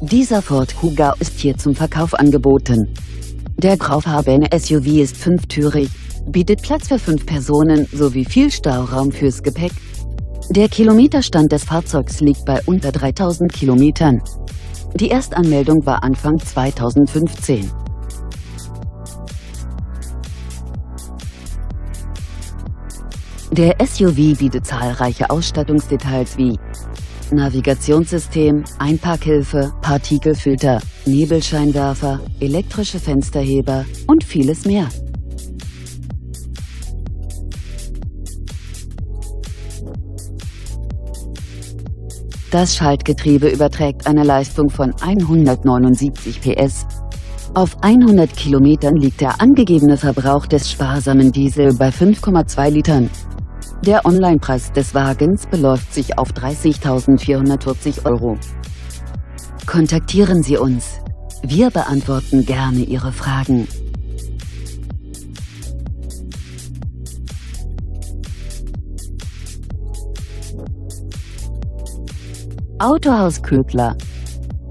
Dieser Ford Kuga ist hier zum Verkauf angeboten. Der graufarbene SUV ist fünftürig, bietet Platz für fünf Personen sowie viel Stauraum fürs Gepäck. Der Kilometerstand des Fahrzeugs liegt bei unter 3000 Kilometern. Die Erstanmeldung war Anfang 2015. Der SUV bietet zahlreiche Ausstattungsdetails wie Navigationssystem, Einparkhilfe, Partikelfilter, Nebelscheinwerfer, elektrische Fensterheber und vieles mehr. Das Schaltgetriebe überträgt eine Leistung von 179 PS. Auf 100 Kilometern liegt der angegebene Verbrauch des sparsamen Diesel bei 5,2 Litern. Der Onlinepreis des Wagens beläuft sich auf 30.440 Euro. Kontaktieren Sie uns. Wir beantworten gerne Ihre Fragen. Autohaus Köbler.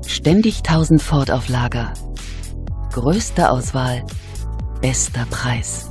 Ständig 1000 Ford auf Lager. Größte Auswahl, bester Preis.